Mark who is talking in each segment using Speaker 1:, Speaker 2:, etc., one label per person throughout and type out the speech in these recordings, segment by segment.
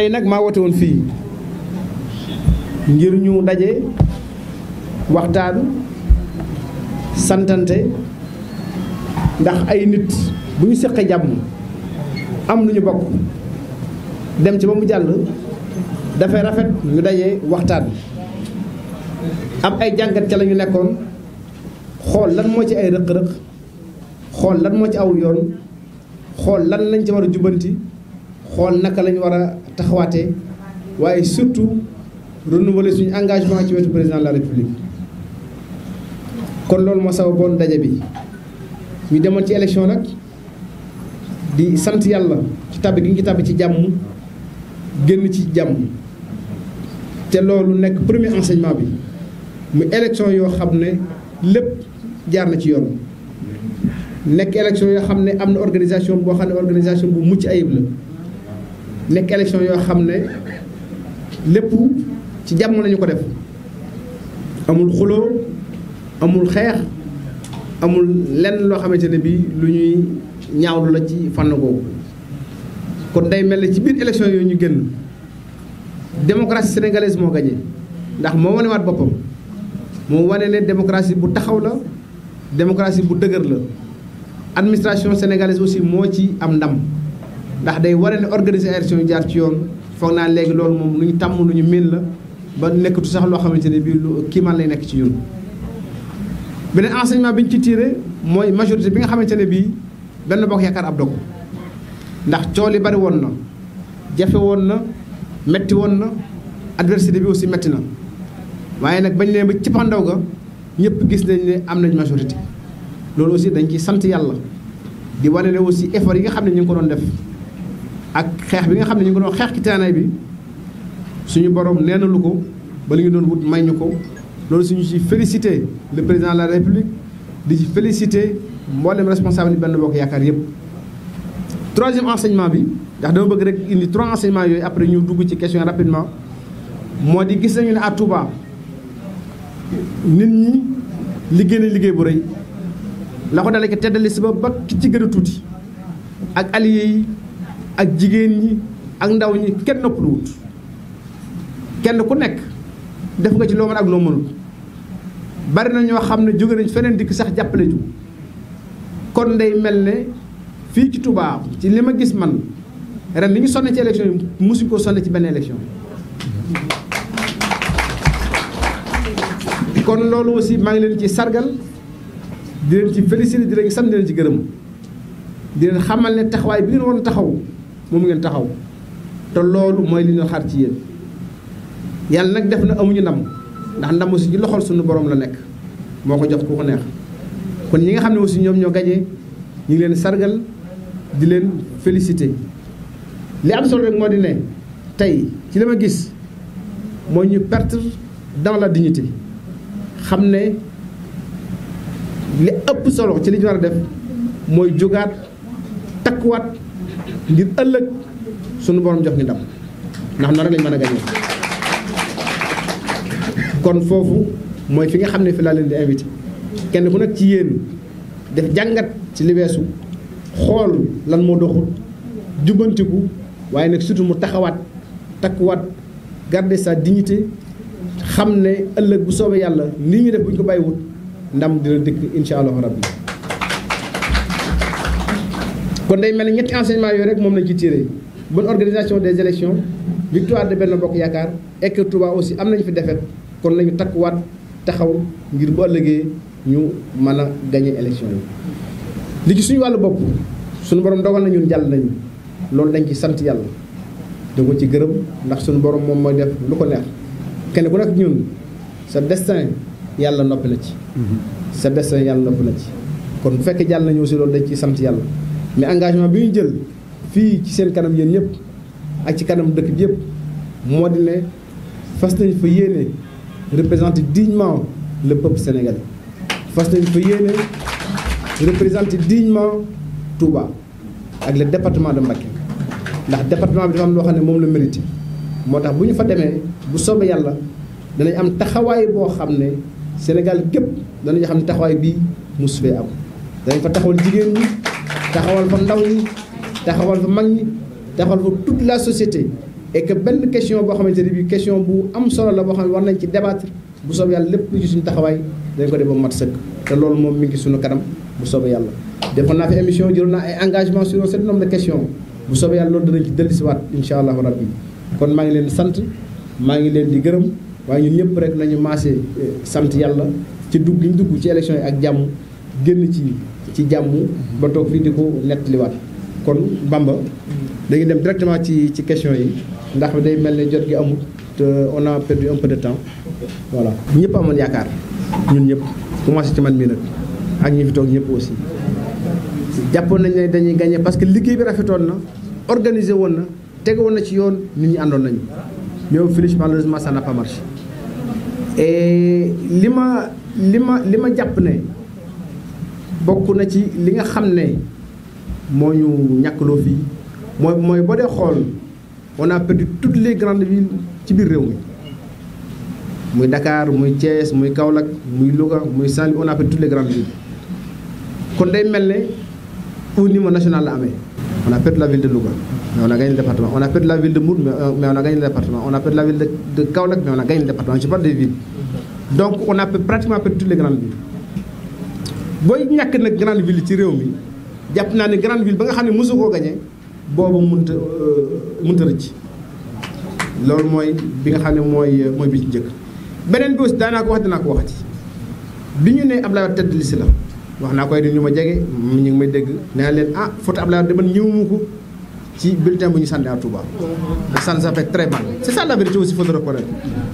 Speaker 1: tey nag maa woote woon fii ngir ñu daje waxtaan santante ndax ay nit bu ñu seqee jàmm am lu ñu bokk dem ci ba mu jàll dafay rafet ñu daje waxtaan am ay jàngat ca la ñu nekkoon xool lan moo ci ay rëq-rëq xool lan moo ci aw yoon xool lan lañ ci war a jubanti xool naka lañu war a taxawaate waaye surtout renouveler suñu engagement ci wetu président la république kon loolu moo bon daje bi ñu demoon ci élection nag di sant yàlla ci tàbbi gi ñu ci tàbbi ci jàmm génn ci jàmm te loolu nekk premier enseignement bi mu élection yoo xam ne lépp jaar na ci yoon nekk élection yoo xam ne am na organisation boo xam ne organisation bu mucc ayib la nekk élection yoo xam ne lépp ci jàmm lañu ko def amul xuloo amul xeex amul lenn loo xamante ne bi lu ñuy ñaawlu la ci fànn googu kon day mel ne ci biir élection yooyu ñu génn démocratie sénégalaise moo gagné ndax moo wane waat boppam moo wane ne démocratie bu taxaw la démocratie bu dëgër la administration sénégalaise aussi moo ci am ndam ndax day waree ne organisation yu jaar ci yoon foog naa léegi loolu moom lu ñu tàmm lu ñu miin la ba nekkatu sax loo xamante ne bii lu kii man lay nekk ci ñun. beneen enseignement bi ñu ci tiré mooy majorité bi nga xamante ne bii benn bokk yaakaar ab dog ndax cool yi bari woon na jafe woon na metti woon na adversité bi aussi metti na waaye nag bañ leen ba ci pandaw ga ñëpp gis nañ ne am nañ majorité loolu aussi dañ ciy sant yàlla di wane ne aussi effort yi nga xam ne ñu ngi ko doon def. ak xeex bi nga xam ne ñu ngi doon xeex ci teenaay bi suñu borom nee na lu ko ba li ngi doon wut may ñu ko loolu suñu ci félicité le président de la république di ci félicité mboolem responsable benn bokk yaakaar yëpp. troisième enseignement bi ndax dama bëgg rek indi trois enseignements yooyu après ñu dugg ci question rapidement moo di gis nañu ne à Touba nit ñi liggéey na liggéey bu rëy la ko dalee ko teddali si ba ba ci gën tuuti ak alliés yi. ak jigéen ñi ak ndaw ñi kenn noppaluwut kenn ku nekk def nga ci loo mën ak loo mënut bari na ñoo xam ne jóge nañ feneen dikk sax jàppale ju kon day mel ne fii ci Touba ci li ma gis man ren li ñu sonn ci élection yi mosuñ ko sonn ci benn élection kon loolu aussi maa ngi leen ci sargal di leen ci féliciter di leen sant di leen ci gërëm di leen xamal ne taxawaay bi ngeen waroon taxaw moom ngeen taxaw te loolu mooy li ñu xaar ci yéen yàlla nag def na amuñu ndam ndax ndam si ci loxol sunu borom la nekk moo ko jox ku ko neex kon ñi nga xam ne aussi ñoom ñoo gañee ñu ngi leen sargal di leen félicité li am solo rek moo di ne tey ci li ma gis mooy ñu perdre dans la dignité xam ne li ëpp solo ci li ñu war a def mooy jógaat takkuwaat ngir ëllëg sunu borom jox ñu ndam ndax noonu rek lañ mën a gañee kon foofu mooy fi nga xam ne fi laa leen di invité kenn ku nekk ci yéen def jàngat ci li xool lan moo dox jubbantiku waaye nag surtout mu taxawaat takkuwaat garder sa dignité xam ne ëllëg bu soobee yàlla nii ñu def bu ñu ko bàyyiwut ndam dina dikk incha allahu rabbi kon day mel ni ñetti enseignement yooyu rek moom lañ ci tiré bonne organisation des élections victoire de benn Bokk Yaakaar et que Touba aussi am nañu fi défaite kon nañu waat taxaw ngir bu ëllëgee ñu mën a gagné élection yi. li ci suñu wàll bokk suñu borom dogal na ñun jàll nañu loolu dañ ci sant yàlla da ko ci gërëm ndax suñu borom moom mooy def lu ko neex kenn ku nekk ñun sa destin yàlla nopp na ci. Mhm. sa destin yàlla noppi na ci kon bu fekkee jàll nañu aussi loolu dañ ci sant yàlla. mais engagement bi ñu jël fii ci seen kanam yéen ñëpp ak ci kanam dëkk bi yëpp moo di ne fas nañ fa yéene représenter dignement le peuple sénégalais fas nañ fa yéene représenter dignement Touba ak le département de Mbacké ndax departement bi dafa am loo xam ne moom la mérité moo tax bu ñu fa demee bu soobee yàlla danañ am taxawaay boo xam ne Sénégal gépp danañ xam ne taxawaay bii musu fee am danañ fa taxawal jigéen ñi. taxawal fa ndaw ñi taxawal fa mag ñi taxawal fa toute la société et benn question boo xamante ne bii question bu am solo la boo xam war nañ ci débattre bu soobee yàlla lépp lu suñ taxawaay dañ ko def ba mat sëkk te loolu moom mi ngi suñu kanam bu soobee yàlla. defoon naa fi émission jëloon naa ay engagement sur un certain nombre de questions bu soobee yàlla loolu danañ ci dellusiwaat incha allahu rabbi kon maa ngi leen sant maa ngi leen di gërëm waaye ñun ñëpp rek nañu maase eh, sant yàlla ci dugg ñu dugg ci élection yi ak jàmm génn ci. ci jàmm ba toog fii di ko nettaliwaat kon Bamba dañuy dem directement ci ci question yi ndax day mel ne jot gi amul te on a perdu un peu de temps voilà ñëpp amoon yaakaar ñun ñëpp commencé ci man mii nag ak ñi fi toog ñëpp aussi jàppoon nañ ne dañuy gagné parce que liggéey bi rafetoon na organisé woon na tege na ci yoon nit ñi àndoon nañu mais au finish malheureusement ça n'a pas marché et li ma li ma li ma jàpp ne bokk na ci li nga xam ne moo ñu ñàkkloo fii mooy mooy boo dee xool on a perdu toutes les grandes villes ci biir réew mi muy Dakar muy Thiès muy Kaolack muy Louga muy Saint-Louis on a perdu toutes les grandes villes kon day mel ne au niveau national la amee. on a perdu la ville de Louga mais on a gagné le département on a perdu la ville de Mbour mais euh, on a gagné le département on a perdu la ville de Kaolack mais on a gagné le département je a pratiquement perdu toutes les grandes booy ñàkk nag grande ville ci réew mi jàpp naa ne grande ville ba nga xam ne mosu koo gañe boobu munta euh, munta rëcc loolu mooy bi nga xam ne mooy euh, mooy bi ci jëkk beneen bi aussi daanaa ko wax dinaa ko waxati bi ñu ne Abdoulaye Wade tête de liste la wax naa koy di ñu ma jege ñu ngi may dégg nee leen ah photo Abdoulaye Wade man ñëwuma ko ci bulletin bu ñu sànni à Touba mm-hmm. ça nous a fait très mal c'est ça la vérité aussi faut le reconnaître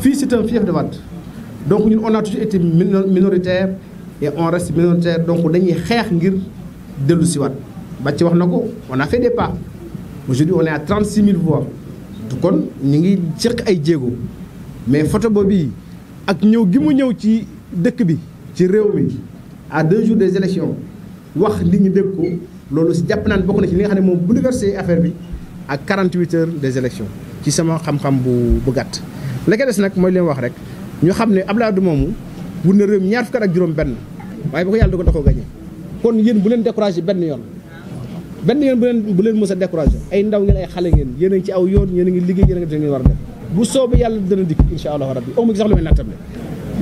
Speaker 1: fii c'est un fief de Wade donc ñun on a toujours été minoritaire et on reste minoritaire donc dañuy xeex ngir dellu siwaat ba ci wax na ko on a fait des pas aujourd'hui on est à 36 mille voix du kon ñu ngi seq ay jéego mais photo boobu ak ñëw gi mu ñëw ci dëkk bi ci réew mi à deux jours de élections wax nit ñi dégg ko loolu si jàpp naan bokk na ci li nga xam ne moom bouleversé affaire bi ak 48 heures de élections ci sama xam-xam bu bu gàtt la des nag mooy leen wax rek ñu xam ne Abdoulaye Wade moomu wut na réew waaye bu ko yàlla dogal da koo gagné kon yéen bu leen découragé benn yoon benn yoon bu leen bu leen mës a découragé ay ndaw ngeen ay xale ngeen yéen ci aw yoon yéen a ngi liggéey yéen ngi def ngeen war a def bu soobee yàlla dana dikk incha allahu rabbi amu gi sax lu may nattable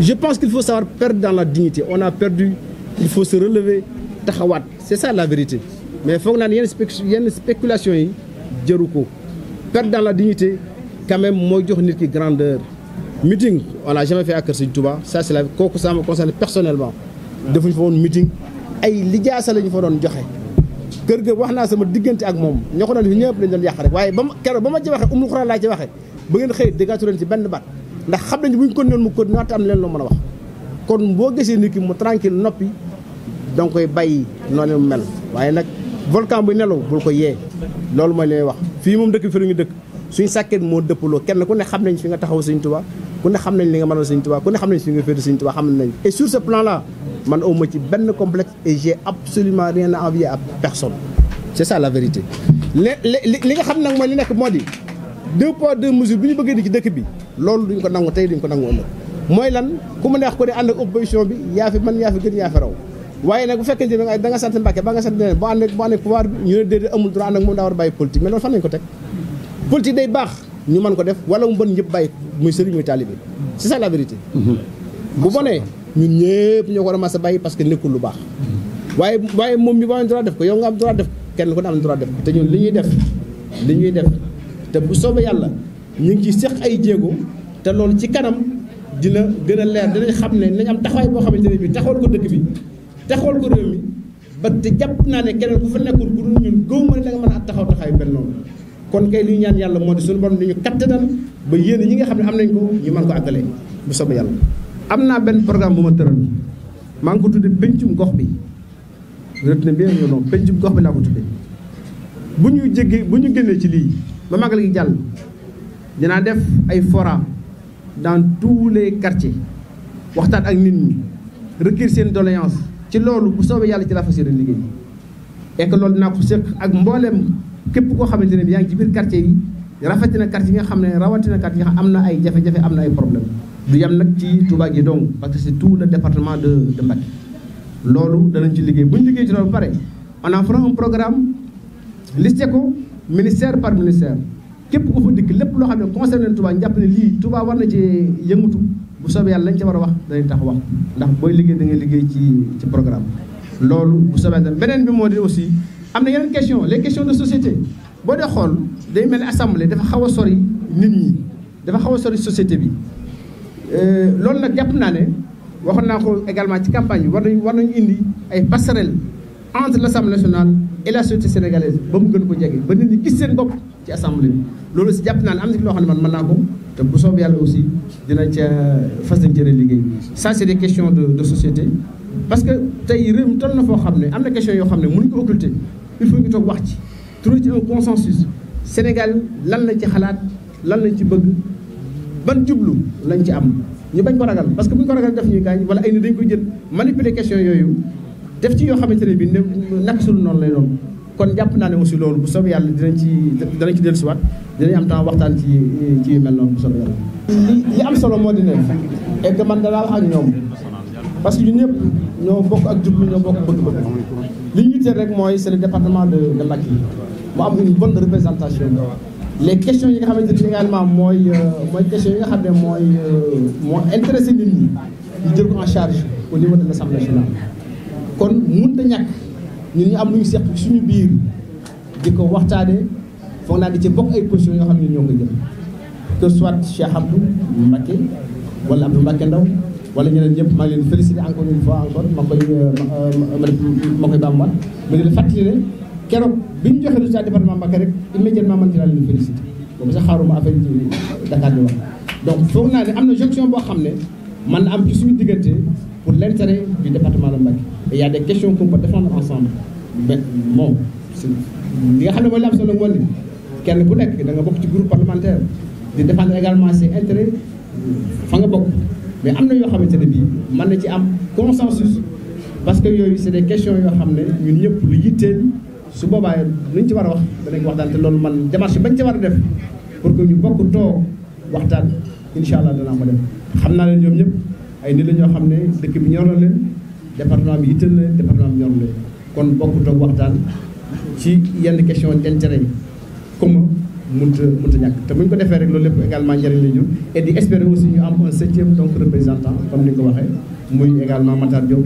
Speaker 1: je pense qu'il faut savoir perdre dans la dignité on a perdu il faut se relever taxawaat c'est ça la vérité mais foog naa ne yenn yenn spéculation yi jëru ko perdre dans la dignité quand mooy jox nit ki grandeur meeting on l'a jamais fait à Kër Sëñ Touba ça c'est defuñ fa woon meeting ay lijaasa lañu fa doon joxe kër ga wax naa sama diggante ak moom ñoo ko doon fi ñëpp lañ doon yàq waaye ba ma keroog ba ma ci waxee umul xuraan laa ci waxee ba benn baat ndax xam nañ bu ñu ko noonu ko naata am leen loo mën a wax kon boo gisee nit ki mu tranquille noppi danga koy bàyyi noonu mu mel waaye nag volcan bu nelaw bul ko yee loolu mooy li wax fii moom dëkk fi ñu dëkk suñu sàkket moo dëppaloo kenn ku ne xam nañ fi nga taxaw Sëñ Tuubaa ku ne xam nañ li nga mënal Sëñ Tuubaa ku ne xam nañ fi nga féete Sëñ Tuubaa xam plan là man awma ci benn complexe et absolument rien à envier à personne c'est ça la vérité li li li nga xam nag mooy li nekk moo di deux poids deux mesures bi ñu bëggee di ci dëkk bi loolu duñ ko nangu tey duñ ko nangu ëllëg mooy lan ku mu neex ko ne ànd ak opposition bi yaa fi man yaa fi gën yaa fi raw waaye nag bu fekkee ne da nga sant Mbàkke ba nga sant leneen boo ànd ak boo ànd ak pouvoir bi ñu ne déedéet amul droit ànd ak moom daa war a bàyyi politique mais loolu ñu mën ko def wala mu bon ñëpp bàyyi muy sëriñ muy taalibe c'est ça la vérité mm-hmm. bu bonee ñun ñëpp ñoo ko war a mas a bàyyi parce que nekkul lu baax waaye waaye moom bi ba am droit def ko yow nga am droit def kenn ku ne am droit def te ñun li ñuy def li ñuy te bu soobee yàlla ñu ngi ci seq ay jéego te loolu ci kanam dina gën a leer dinañ xam ne nañ am taxawaay boo xamante ne bi taxawal ko dëkk bi taxawal ko réew mi ba te jàpp naa ne keneen fa nekkul ku dul ñun góob ma ne danga mën a taxaw taxawaay benn noonu kon kay li ñaan yàlla moo di suñu borom di ñu kattanal ba yéen ñi nga xam ne am nañ ko ñu man ko àggale bu soobee yàlla. am naa benn programme bu ma tëral maa ngi ko tudde pencum gox bi retenez bien le nom gox bi laa ko tudde bu ñu jéggee bu ñu génnee ci lii ba magal gi jàll dinaa def ay fora dans tous les quartiers waxtaan ak nit ñi recueillir seen doléance ci loolu bu soobee yàlla ci la fas yéene liggéey et que loolu dinaa ko séq ak mbooleem képp koo xamante ne bi yaa ngi ci biir quartier yi rafetina quartier yi nga xam ne rawatina quartier yi am na ay jafe-jafe am na ay problème du yam nag ci Touba gi donc parce que c'est tout le département de de loolu danañ ci liggéey bu ñu liggéey ci loolu pare on en fera un programme listé ko ministère par ministère képp ku fa dikk lépp loo xam ne concerné na Touba jàpp ne lii Touba war na ci yëngatu bu soobee yàlla lañ ca war a wax danañ tax wax ndax booy liggéey dangay liggéey ci ci programme loolu bu soobee yàlla beneen bi moo dee aussi am na yeneen question les questions de société boo dee xool day mel ni assemblée dafa xaw a sori nit ñi dafa xaw a sori société bi Euh, loolu nag jàpp naa ne waxoon naa ko également ci campagne bi war nañu war nañu indi ay passerelle entre l' assemblée nationale et la société sénégalaise ba mu gën ko jege ba nit gis seen bopp ci assemblée bi loolu si jàpp naa ne am na ci loo xam ne man mën naa ko te bu soob yàlla aussi dina ca fas nañ jëre liggéey ça c' est des questions de de société parce que tey réew mu toll na foo xam ne am na question yoo xam ne mënuñ ko occulter il faut ñu toog wax ci trouver ci un consensus Sénégal lan lañ ci xalaat lan lañ ci bëgg ban jublu lañ ci am ñu bañ ko ragal parce que bu ñu ko ragal def ñuy gaañ wala ay nit dañ koy jël manipuler question yooyu def ci yoo xamante ne bi ne nak sul noonu lay doon kon jàpp naa ne aussi loolu bu soobee yàlla dinañ ci danañ ci dellusiwaat dinañ am temps waxtaan ci mel noonu bu soobee yàlla. li am solo moo di ne egg man daal ak ñoom parce que ñu ñëpp ñoo bokk ak jublu ñoo bokk bëgg-bëgg li ñu yitteel rek mooy c'est le département de de Mbacké mu am une bonne représentation. les question yi nga xamante ni également mooy euh, mooy yi nga xam ne mooy euh, moo intéressé nit ñi ñu ko en charge au niveau de l'Assemblée nationale kon mun na ñàkk ñun ñu am lu ñu suñu biir di ko waxtaane foog naa di ci bokk ay positions yoo xam ne ñoo ko jël que soit Cheikh Abdou Mbacké wala Abdou Mbacké Ndaw wala ñeneen ñëpp maa ngi leen félicité encore une ma koy euh, ma koy ma ngi leen fàttali ne keroog bi ñu joxe sa département Mbacké rek immédiatement man ci laa leen félicité boobu sax xaaruma affaire yi Dakar di wax donc foog naa ne am na jonction boo xam ne man na am ci suñu diggante pour l' intérêt du département de Mbacké et y a des questions qu'on peut défendre ensemble mais nga xam ne mooy la am solo mooy kenn ku nekk da nga bokk ci groupe parlementaire di défendre également ses intérêts fa nga bokk mais am na yoo xamante ne bi man na ci am consensus parce que yooyu c'est des questions yoo xam ne ñun ñëpp lu yitteel su boobaa luñ ci war a wax danañ wax daal te loolu man démarche bañ ci war a def pour que ñu bokk too waxtaan incha allah danaa ko def xam naa leen ñoom ñëpp ay nit la ñoo xam ne dëkk bi ñor na leen département bi itteel na leen département bi ñor na kon bokk toog waxtaan ci yenn question d'intérêt yi comme mënta mënta ñàkk te bu ñu ko defee rek loolu lépp également njëriñ la ñu et di espérer aussi ñu am un septième donc représentant comme ni nga ko waxee muy également Matar Diop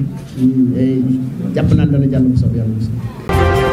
Speaker 1: jàpp naan dana jàll